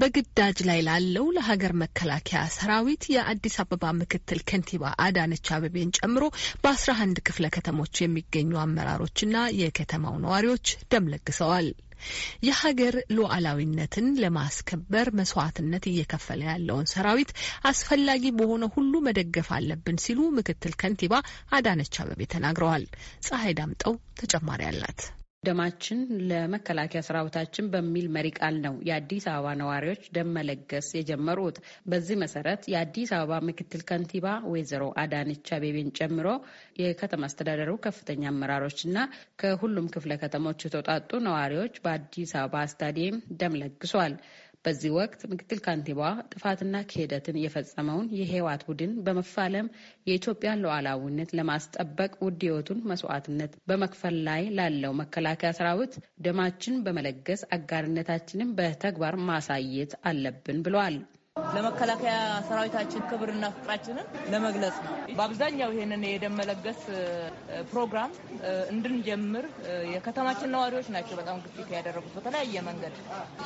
በግዳጅ ላይ ላለው ለሀገር መከላከያ ሰራዊት የአዲስ አበባ ምክትል ከንቲባ አዳነች አበቤን ጨምሮ በአስራ አንድ ክፍለ ከተሞች የሚገኙ አመራሮችና የከተማው ነዋሪዎች ደም ለግሰዋል። የሀገር ሉዓላዊነትን ለማስከበር መስዋዕትነት እየከፈለ ያለውን ሰራዊት አስፈላጊ በሆነ ሁሉ መደገፍ አለብን ሲሉ ምክትል ከንቲባ አዳነች አበቤ ተናግረዋል። ፀሐይ ዳምጠው ተጨማሪ አላት። ደማችን ለመከላከያ ሰራዊታችን በሚል መሪ ቃል ነው የአዲስ አበባ ነዋሪዎች ደም መለገስ የጀመሩት። በዚህ መሰረት የአዲስ አበባ ምክትል ከንቲባ ወይዘሮ አዳነች አቤቤን ጨምሮ የከተማ አስተዳደሩ ከፍተኛ አመራሮችና ከሁሉም ክፍለ ከተሞች የተውጣጡ ነዋሪዎች በአዲስ አበባ ስታዲየም ደም ለግሷል። በዚህ ወቅት ምክትል ካንቲባ ጥፋትና ክህደትን የፈጸመውን የህወሓት ቡድን በመፋለም የኢትዮጵያን ሉዓላዊነት ለማስጠበቅ ውድ ህይወቱን መስዋዕትነት በመክፈል ላይ ላለው መከላከያ ሰራዊት ደማችን በመለገስ አጋርነታችንን በተግባር ማሳየት አለብን ብለዋል። ለመከላከያ ሰራዊታችን ክብርና ፍቅራችንን ለመግለጽ ነው። በአብዛኛው ይህንን የደም መለገስ ፕሮግራም እንድንጀምር የከተማችን ነዋሪዎች ናቸው በጣም ግፊት ያደረጉት። በተለያየ መንገድ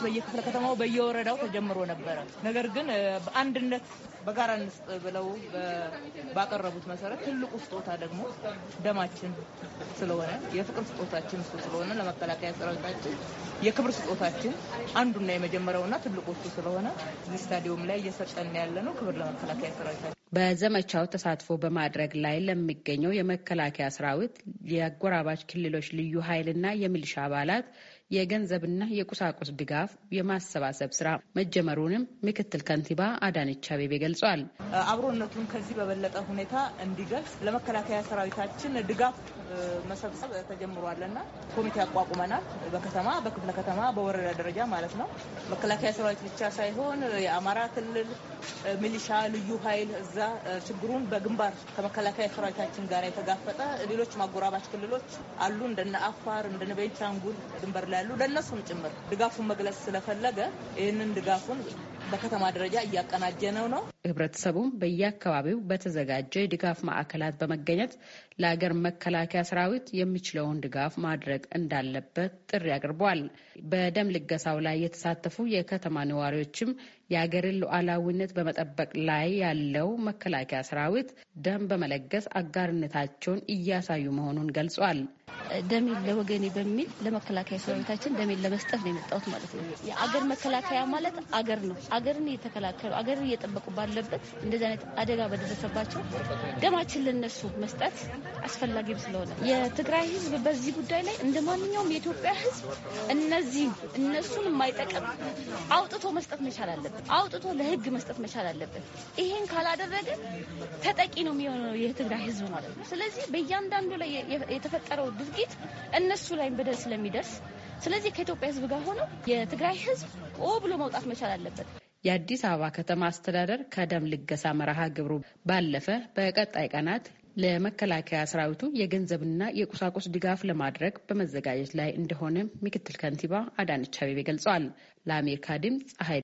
በየክፍለ ከተማው በየወረዳው ተጀምሮ ነበረ። ነገር ግን በአንድነት በጋራ እንስጥ ብለው ባቀረቡት መሰረት ትልቁ ስጦታ ደግሞ ደማችን ስለሆነ የፍቅር ስጦታችን እሱ ስለሆነ ለመከላከያ ሰራዊታችን የክብር ስጦታችን አንዱና የመጀመሪያውና ትልቁ እሱ ስለሆነ ስታዲየም ጥቅም ላይ እየሰጠን ያለ ነው። ክብር ለመከላከያ ሰራዊታችን። በዘመቻው ተሳትፎ በማድረግ ላይ ለሚገኘው የመከላከያ ሰራዊት የአጎራባች ክልሎች ልዩ ኃይልና የሚልሻ አባላት የገንዘብና የቁሳቁስ ድጋፍ የማሰባሰብ ስራ መጀመሩንም ምክትል ከንቲባ አዳነች አቤቤ ገልጿል። አብሮነቱን ከዚህ በበለጠ ሁኔታ እንዲገልጽ ለመከላከያ ሰራዊታችን ድጋፍ መሰብሰብ ተጀምሯልና ኮሚቴ አቋቁመናል። በከተማ በክፍለ ከተማ በወረዳ ደረጃ ማለት ነው። መከላከያ ሰራዊት ብቻ ሳይሆን የአማራ ክልል ሚሊሻ፣ ልዩ ኃይል እዛ ችግሩን በግንባር ከመከላከያ ሰራዊታችን ጋር የተጋፈጠ ሌሎች ማጎራባች ክልሎች አሉ እንደነ አፋር እንደነ ቤንቻንጉል ድንበር ላይ ያሉ ለእነሱም ጭምር ድጋፉን መግለጽ ስለፈለገ ይህንን ድጋፉን በከተማ ደረጃ እያቀናጀነው ነው ነው ህብረተሰቡም በየአካባቢው በተዘጋጀ የድጋፍ ማዕከላት በመገኘት ለሀገር መከላከያ ሰራዊት የሚችለውን ድጋፍ ማድረግ እንዳለበት ጥሪ አቅርበዋል። በደም ልገሳው ላይ የተሳተፉ የከተማ ነዋሪዎችም የሀገርን ሉዓላዊነት በመጠበቅ ላይ ያለው መከላከያ ሰራዊት ደም በመለገስ አጋርነታቸውን እያሳዩ መሆኑን ገልጿል። ደሜን ለወገኔ በሚል ለመከላከያ ሰራዊታችን ደሜን ለመስጠት ነው የመጣሁት ማለት ነው። የአገር መከላከያ ማለት አገር ነው። አገርን እየተከላከሉ አገርን እየጠበቁ ባለበት እንደዚህ አይነት አደጋ በደረሰባቸው ደማችን ለነሱ መስጠት አስፈላጊም ስለሆነ የትግራይ ሕዝብ በዚህ ጉዳይ ላይ እንደ ማንኛውም የኢትዮጵያ ሕዝብ እነዚህ እነሱን የማይጠቅም አውጥቶ መስጠት መቻል አለበት። አውጥቶ ለሕግ መስጠት መቻል አለበት። ይሄን ካላደረገ ተጠቂ ነው የሚሆነው የትግራይ ሕዝብ ማለት ነው። ስለዚህ በእያንዳንዱ ላይ የተፈጠረው ድርጊት እነሱ ላይ በደል ስለሚደርስ ስለዚህ ከኢትዮጵያ ህዝብ ጋር ሆነው የትግራይ ህዝብ ኦ ብሎ መውጣት መቻል አለበት። የአዲስ አበባ ከተማ አስተዳደር ከደም ልገሳ መርሃ ግብሩ ባለፈ በቀጣይ ቀናት ለመከላከያ ሰራዊቱ የገንዘብና የቁሳቁስ ድጋፍ ለማድረግ በመዘጋጀት ላይ እንደሆነ ምክትል ከንቲባ አዳነች አቤቤ ገልጸዋል። ለአሜሪካ ድምፅ ፀሐይ